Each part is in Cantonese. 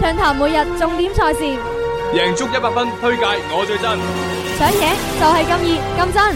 暢談每日重點賽事，贏足一百分，推介我最真，想贏就係咁易，咁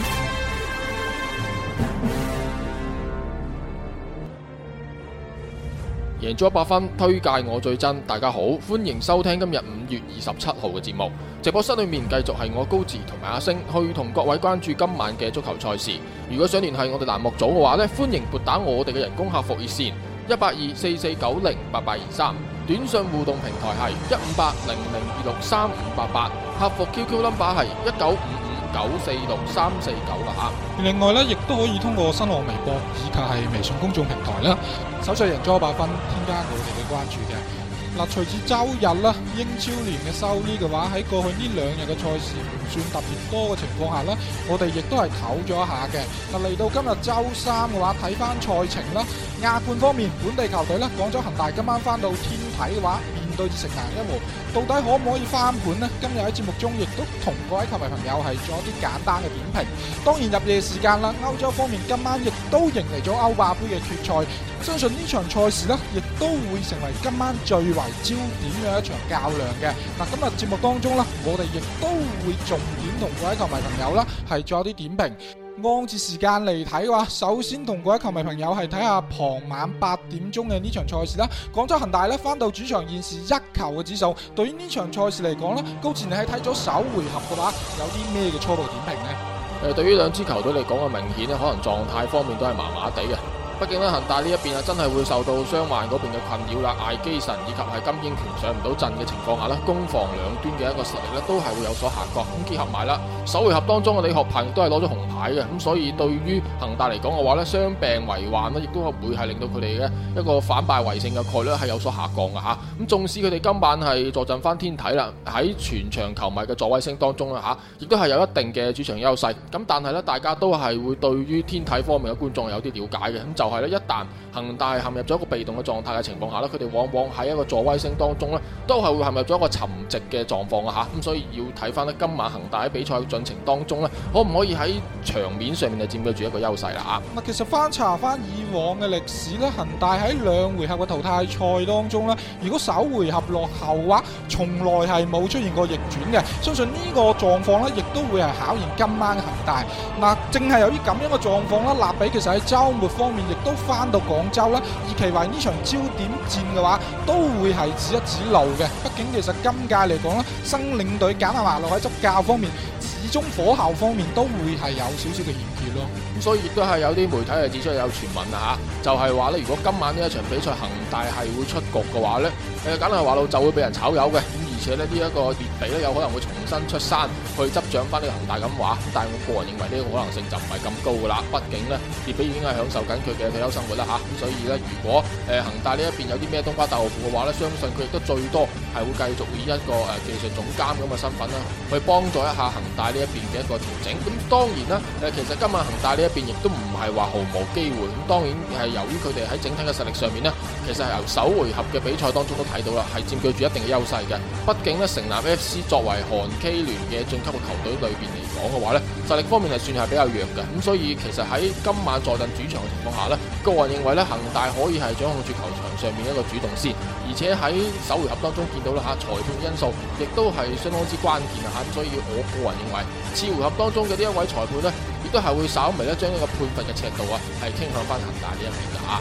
真，贏足一百分，推介我最真。大家好，歡迎收聽今日五月二十七號嘅節目。直播室裏面繼續係我高志同埋阿星去同各位關注今晚嘅足球賽事。如果想聯繫我哋欄目組嘅話呢，歡迎撥打我哋嘅人工客服熱線一八二四四九零八八二三。短信互動平台係一五八零零二六三五八八，客服 QQ number 係一九五五九四六三四九啦吓。另外咧，亦都可以通過新浪微博以及係微信公眾平台啦，搜索贏足一百分，添加我哋嘅關注嘅。嗱，隨住周日啦，英超聯嘅收呢嘅話，喺過去呢兩日嘅賽事唔算特別多嘅情況下，呢我哋亦都係唞咗一下嘅。嗱，嚟到今日周三嘅話，睇翻賽程啦。亞冠方面，本地球隊呢，廣州恒大今晚翻到天體嘅話。對成難一和，到底可唔可以翻盤呢？今日喺節目中亦都同各位球迷朋友係做一啲簡單嘅點評。當然入夜時間啦，歐洲方面今晚亦都迎嚟咗歐霸杯嘅決賽，相信呢場賽事呢，亦都會成為今晚最為焦點嘅一場較量嘅。嗱，今日節目當中呢，我哋亦都會重點同各位球迷朋友啦係做一啲點評。按住時間嚟睇嘅話，首先同各位球迷朋友係睇下傍晚八點鐘嘅呢場賽事啦。廣州恒大呢，翻到主場現時一球嘅指數，對於呢場賽事嚟講咧，高志寧係睇咗首回合嘅話，有啲咩嘅初步點評呢？誒，對於兩支球隊嚟講嘅明顯咧，可能狀態方面都係麻麻地嘅。畢竟咧，恒大呢一邊啊，真係會受到傷患嗰邊嘅困擾啦。艾基神以及係金英權上唔到陣嘅情況下咧，攻防兩端嘅一個實力咧，都係會有所下降。咁結合埋啦，首回合當中嘅李學鵬都係攞咗紅牌嘅。咁所以對於恒大嚟講嘅話咧，傷病為患咧，亦都係會係令到佢哋嘅一個反敗為勝嘅概率係有所下降嘅吓。咁縱使佢哋今晚係坐鎮翻天體啦，喺全場球迷嘅助威聲當中啦吓，亦都係有一定嘅主場優勢。咁但係呢，大家都係會對於天體方面嘅觀眾有啲了解嘅。就係咧，一旦恒大陷入咗一個被動嘅狀態嘅情況下咧，佢哋往往喺一個助威聲當中咧，都係會陷入咗一個沉寂嘅狀況啊！嚇，咁所以要睇翻咧，今晚恒大喺比賽嘅進程當中咧，可唔可以喺場面上面就佔據住一個優勢啦？啊，嗱，其實翻查翻以往嘅歷史咧，恒大喺兩回合嘅淘汰賽當中咧，如果首回合落後嘅話，從來係冇出現過逆轉嘅，相信呢個狀況咧，亦都會係考驗今晚行。大嗱，正係由於咁樣嘅狀況啦，立比其實喺周末方面亦都翻到廣州啦。以其為呢場焦點戰嘅話，都會係指一指路嘅。畢竟其實今屆嚟講咧，新領隊簡立路簡拿華路喺執教方面，始終火候方面都會係有少少嘅欠缺咯。咁所以亦都係有啲媒體係指出有傳聞啊嚇，就係話咧，如果今晚呢一場比賽恒大係會出局嘅話咧，誒簡拿華路就會俾人炒魷嘅。而且呢一個列比咧，有可能會重新出山去執掌翻呢個恒大咁話，但係我個人認為呢個可能性就唔係咁高噶啦，畢竟咧，列比已經係享受緊佢嘅退休生活啦吓，咁、啊、所以咧，如果誒、呃、恒大呢一邊有啲咩冬瓜豆腐嘅話咧，相信佢亦都最多係會繼續以一個技術總監咁嘅身份啦，去幫助一下恒大呢一邊嘅一個調整。咁、啊、當然啦，其實今日恒大呢一邊亦都唔。係話毫無機會，咁當然係由於佢哋喺整體嘅實力上面咧，其實係由首回合嘅比賽當中都睇到啦，係佔據住一定嘅優勢嘅。畢竟咧，城南 FC 作為韓 K 聯嘅晉級嘅球隊裏邊嚟講嘅話咧，實力方面係算係比較弱嘅。咁所以其實喺今晚坐鎮主場嘅情況下咧，個人認為咧恒大可以係掌控住球場上面一個主動先，而且喺首回合當中見到啦吓，裁判因素亦都係相當之關鍵啊吓。所以我個人認為，次回合當中嘅呢一位裁判咧，亦都係會稍微咧將一個判罰嘅尺度啊，係傾向翻恆大呢一邊噶啊。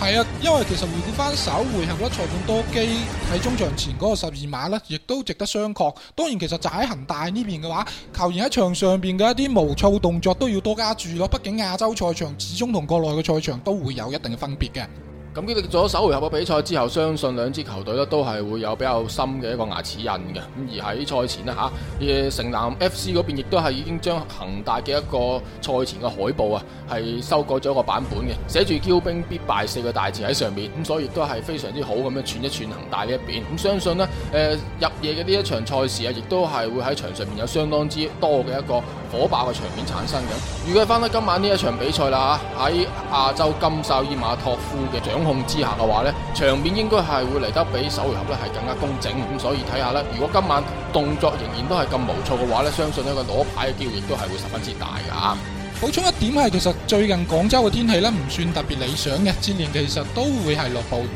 係啊，因為其實回顧翻首回合咧，裁判多機喺中場前嗰個十二碼呢，亦都值得商榷。當然，其實就喺恆大呢邊嘅話，球員喺場上邊嘅一啲毛躁動作都要多加注咯。畢竟亞洲賽場始終同國內嘅賽場都會有一定嘅分別嘅。咁佢哋做咗首回合嘅比賽之後，相信兩支球隊咧都係會有比較深嘅一個牙齒印嘅。咁而喺賽前咧吓，啲城南 F.C. 嗰邊亦都係已經將恒大嘅一個賽前嘅海報啊，係修改咗一個版本嘅，寫住「驕兵必敗」四個大字喺上面。咁所以亦都係非常之好咁樣串一串恒大呢一邊，咁、嗯、相信咧，誒、呃、入夜嘅呢一場賽事啊，亦都係會喺場上面有相當之多嘅一個火爆嘅場面產生嘅。如果翻到今晚呢一場比賽啦吓，喺亞洲金哨伊馬托夫嘅掌控之下嘅話呢，場面應該係會嚟得比首回合呢係更加工整，咁所以睇下呢，如果今晚動作仍然都係咁無錯嘅話呢，相信呢個攞牌嘅機會亦都係會十分之大嘅啊。補充一點係，其實最近廣州嘅天氣呢唔算特別理想嘅，接連其實都會係落暴雨。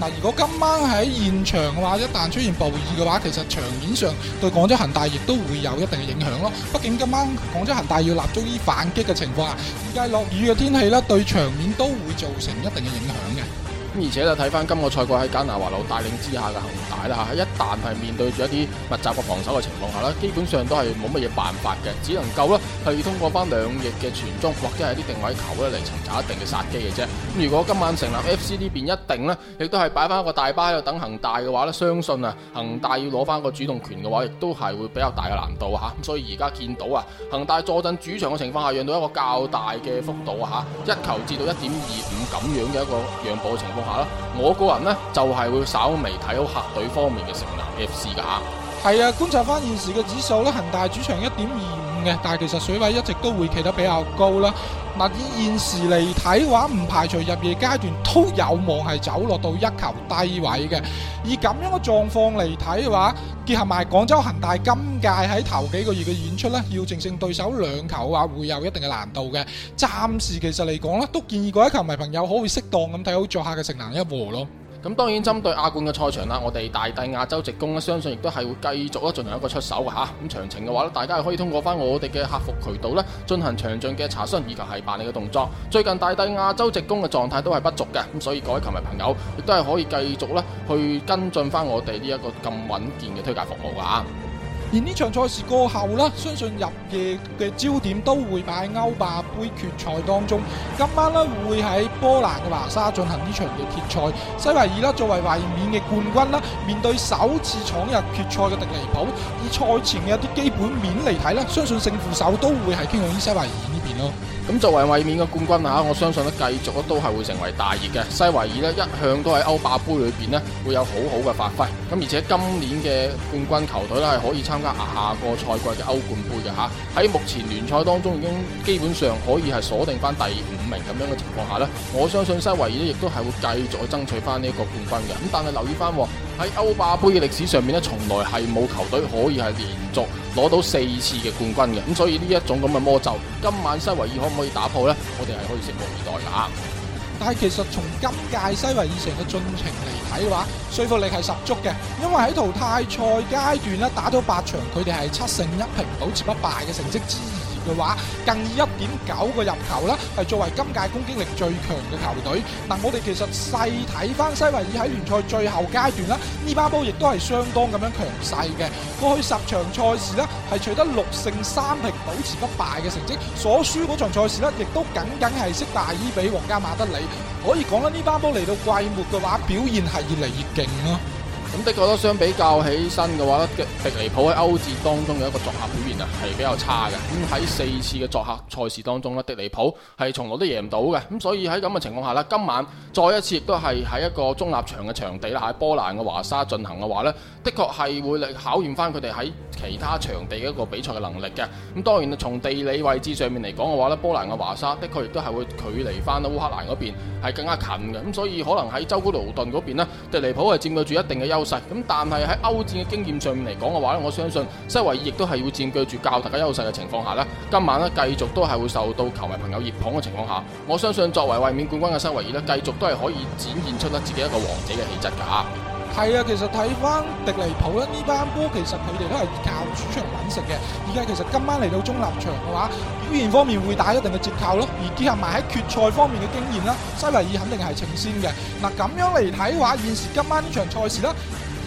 嗱，如果今晚喺現場嘅話，一旦出現暴雨嘅話，其實場面上對廣州恒大亦都會有一定嘅影響咯。畢竟今晚廣州恒大要立足於反擊嘅情況，而家落雨嘅天氣呢對場面都會造成一定嘅影響嘅。而且咧睇翻今個賽季喺簡拿華路帶領之下嘅恒大啦吓，喺一旦係面對住一啲密集嘅防守嘅情況下咧，基本上都係冇乜嘢辦法嘅，只能夠咧係通過翻兩翼嘅傳中或者係啲定位球咧嚟尋找一定嘅殺機嘅啫。咁如果今晚成立 F.C 呢邊一定呢，亦都係擺翻一個大巴喺度等恒大嘅話呢，相信啊恒大要攞翻個主動權嘅話，亦都係會比較大嘅難度吓。所以而家見到啊恒大坐鎮主場嘅情況下，讓到一個較大嘅幅度吓，一球至到一點二五咁樣嘅一個讓步嘅情況。吓、啊、啦，我個人咧，就係、是、會稍微睇好客隊方面嘅城南 FC 噶吓、啊，係啊，觀察翻現時嘅指數咧，恒大主場一點二嘅，但係其實水位一直都會企得比較高啦。嗱，以現時嚟睇嘅話，唔排除入夜階段都有望係走落到一球低位嘅。以咁樣嘅狀況嚟睇嘅話，結合埋廣州恆大今屆喺頭幾個月嘅演出咧，要淨勝對手兩球嘅話，會有一定嘅難度嘅。暫時其實嚟講咧，都建議各位球迷朋友可以適當咁睇好作客嘅城南一和咯。咁當然針對亞冠嘅賽場啦，我哋大帝亞洲直攻咧，相信亦都係會繼續咧進行一個出手嘅吓。咁詳情嘅話咧，大家係可以通過翻我哋嘅客服渠道咧進行詳盡嘅查詢以及係辦理嘅動作。最近大帝亞洲直攻嘅狀態都係不俗嘅，咁所以各位球迷朋友亦都係可以繼續咧去跟進翻我哋呢一個咁穩健嘅推介服務噶。而呢場賽事過後啦，相信入夜嘅焦點都會擺喺歐霸杯決賽當中。今晚咧會喺波蘭嘅華沙進行呢場嘅決賽。西維爾啦作為衛冕嘅冠軍啦，面對首次闖入決賽嘅迪尼普，以賽前嘅一啲基本面嚟睇咧，相信勝負手都會係傾向於西維爾呢邊咯。咁作為衛冕嘅冠軍，我相信繼續都係會成為大熱嘅。西維爾咧一向都喺歐霸杯裏面咧會有好好嘅發揮。咁而且今年嘅冠軍球隊咧係可以參加下個賽季嘅歐冠杯嘅吓。喺目前聯賽當中已經基本上可以係鎖定翻第五名咁樣嘅情況下咧，我相信西維爾咧亦都係會繼續爭取翻呢一個冠軍嘅。咁但係留意翻。喺歐霸杯嘅歷史上面咧，從來係冇球隊可以係連續攞到四次嘅冠軍嘅，咁所以呢一種咁嘅魔咒，今晚西維爾可唔可以打破咧？我哋係可以拭目以待噶。但係其實從今屆西維爾城嘅進程嚟睇嘅話，說服力係十足嘅，因為喺淘汰賽階段咧打咗八場，佢哋係七勝一平，保持不敗嘅成績之。嘅話，近一點九個入球啦，係作為今屆攻擊力最強嘅球隊。嗱，我哋其實細睇翻西維爾喺聯賽最後階段啦，呢班波亦都係相當咁樣強勢嘅。過去十場賽事咧，係取得六勝三平，保持不敗嘅成績。所輸嗰場賽事咧，亦都僅僅係惜大衣畀皇家馬德里。可以講啦，呢班波嚟到季末嘅話，表現係越嚟越勁咯。咁的確都相比較起身嘅話咧，迪尼普喺歐戰當中嘅一個作客表現啊，係比較差嘅。咁喺四次嘅作客賽事當中咧，迪尼普係從來都贏唔到嘅。咁所以喺咁嘅情況下咧，今晚再一次亦都係喺一個中立場嘅場地啦，喺波蘭嘅華沙進行嘅話咧，的確係會嚟考驗翻佢哋喺其他場地嘅一個比賽嘅能力嘅。咁當然啊，從地理位置上面嚟講嘅話咧，波蘭嘅華沙的確亦都係會距離翻啦烏克蘭嗰邊係更加近嘅。咁所以可能喺周古勞頓嗰邊咧，迪尼普係佔據住一定嘅優。咁但係喺歐戰嘅經驗上面嚟講嘅話咧，我相信西維爾亦都係會佔據住較大嘅優勢嘅情況下咧，今晚咧繼續都係會受到球迷朋友熱捧嘅情況下，我相信作為衛冕冠軍嘅西維爾咧，繼續都係可以展現出自己一個王者嘅氣質噶吓。係啊，其實睇翻迪尼普咧呢班波，其實佢哋都係靠主場揾食嘅。而家其實今晚嚟到中立場嘅話，表現方面會打一定嘅折扣咯。而結合埋喺決賽方面嘅經驗啦，西維爾肯定係呈先嘅。嗱咁樣嚟睇話，現時今晚呢場賽事啦，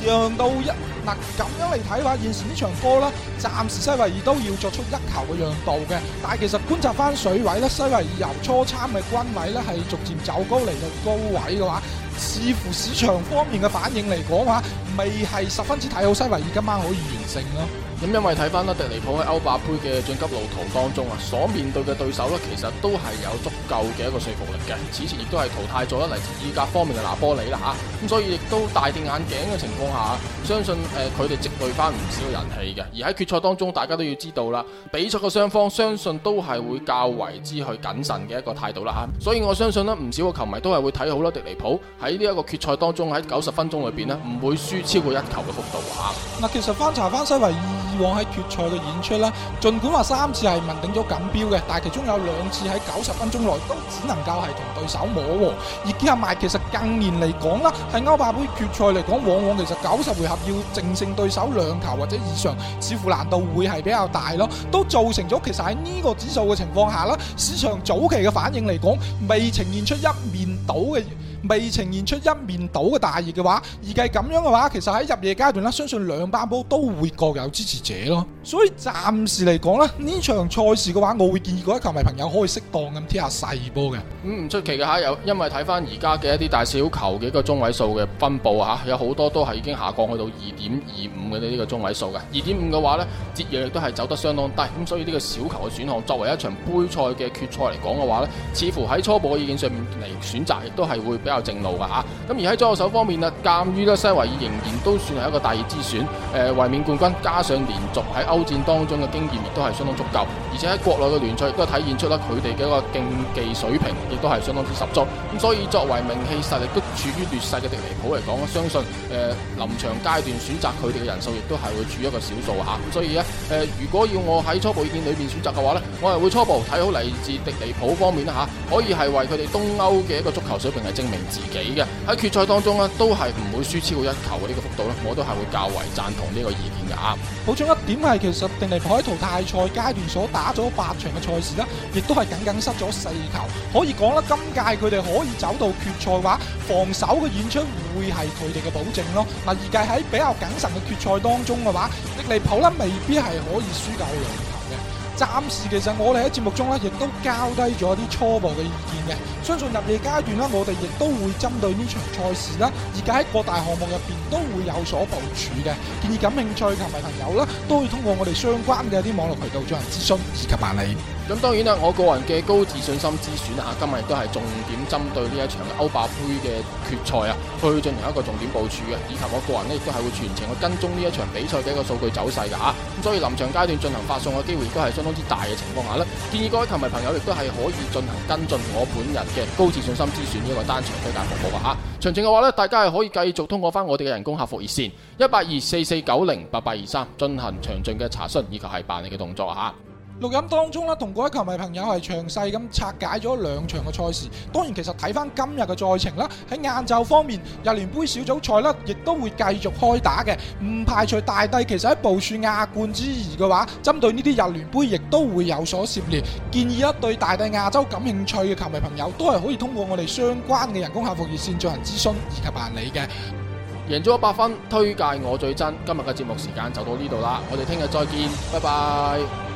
讓到一嗱咁樣嚟睇話，現時呢場波啦，暫時西維爾都要作出一球嘅讓度嘅。但係其實觀察翻水位咧，西維爾由初參嘅軍位咧係逐漸走高嚟到高位嘅話。似乎市場方面嘅反應嚟講，話未係十分之睇好，西維爾今晚可以完勝咯。咁因為睇翻啦，迪尼普喺歐霸杯嘅晉級路途當中啊，所面對嘅對手呢，其實都係有足夠嘅一個說服力嘅。此前亦都係淘汰咗嚟自意甲方面嘅拿波里啦吓，咁所以亦都戴定眼鏡嘅情況下，相信誒佢哋積累翻唔少人氣嘅。而喺決賽當中，大家都要知道啦，比賽嘅雙方相信都係會較為之去謹慎嘅一個態度啦吓。所以我相信咧，唔少嘅球迷都係會睇好啦，迪尼普喺呢一個決賽當中喺九十分鐘裏邊呢，唔會輸超過一球嘅幅度吓。嗱，其實翻查翻西維爾。往喺決賽嘅演出啦，盡管話三次係問鼎咗錦標嘅，但係其中有兩次喺九十分鐘內都只能夠係同對手摸。而兼且埋其實近年嚟講啦，喺歐霸杯決賽嚟講，往往其實九十回合要淨勝對手兩球或者以上，似乎難度會係比較大咯，都造成咗其實喺呢個指數嘅情況下啦，市場早期嘅反應嚟講，未呈現出一面倒嘅。未呈現出一面倒嘅大熱嘅話，而計咁樣嘅話，其實喺入夜階段咧，相信兩班波都會各有支持者咯。所以暫時嚟講咧，呢場賽事嘅話，我會建議各位球迷朋友可以適當咁踢下細波嘅。嗯，唔出奇嘅嚇，有因為睇返而家嘅一啲大小球嘅一個中位數嘅分布嚇，有好多都係已經下降去到二點二五嘅呢個中位數嘅。二點五嘅話咧，節夜亦都係走得相當低，咁所以呢個小球嘅選項作為一場杯賽嘅決賽嚟講嘅話咧，似乎喺初步嘅意見上面嚟選擇亦都係會比較。正路噶吓，咁、啊、而喺左手方面啦，鑒於咧西維爾仍然都算係一個大熱之選，誒衛冕冠軍加上連續喺歐戰當中嘅經驗亦都係相當足夠，而且喺國內嘅聯賽亦都體現出咧佢哋嘅一個競技水平亦都係相當之十足，咁所以作為名氣實力都處於劣勢嘅迪尼普嚟講，我相信誒臨、呃、場階段選擇佢哋嘅人數亦都係會處於一個少數吓，咁、啊、所以咧誒、呃、如果要我喺初步意見裏邊選擇嘅話咧，我係會初步睇好嚟自迪尼普方面啦吓、啊，可以係為佢哋東歐嘅一個足球水平係證明。自己嘅喺決賽當中呢，都係唔會輸超過一球嘅呢個幅度呢，我都係會較為贊同呢個意見嘅。好，補充一點係，其實迪尼普喺淘汰賽階段所打咗八場嘅賽事呢，亦都係僅僅失咗四球，可以講啦，今屆佢哋可以走到決賽嘅話，防守嘅演出會係佢哋嘅保證咯。嗱，而家喺比較謹慎嘅決賽當中嘅話，迪尼普呢未必係可以輸夠嘅。暫時其實我哋喺節目中咧，亦都交低咗一啲初步嘅意見嘅。相信入夜階段啦，我哋亦都會針對呢場賽事啦，而家喺各大項目入邊都會有所部署嘅。建議感興趣嘅朋友啦，都要通過我哋相關嘅一啲網絡渠道進行諮詢以及辦理。咁當然啦，我個人嘅高自信心之選啊，今日亦都係重點針對呢一場歐霸杯嘅決賽啊，去進行一個重點部署嘅，以及我個人呢，亦都係會全程去跟蹤呢一場比賽嘅一個數據走勢㗎。嚇。咁所以臨場階段進行發送嘅機會亦都係相當之大嘅情況下呢，建議各位球迷朋友亦都係可以進行跟進我本人嘅高自信心之選呢一個單場推介服務啊嚇。詳情嘅話呢，大家係可以繼續通過翻我哋嘅人工客服熱線一八二四四九零八八二三進行詳盡嘅查詢以及係辦理嘅動作嚇。啊錄音當中啦，同各位球迷朋友係詳細咁拆解咗兩場嘅賽事。當然，其實睇返今日嘅賽程啦，喺晏晝方面，日聯杯小組賽啦，亦都會繼續開打嘅。唔排除大帝其實喺部署亞冠之餘嘅話，針對呢啲日聯杯亦都會有所涉獵。建議啦，對大帝亞洲感興趣嘅球迷朋友，都係可以通過我哋相關嘅人工客服熱線進行諮詢以及辦理嘅。贏足 100FUN，推介我最真。今日嘅節目時間就到呢度啦，我哋聽日再見，拜拜。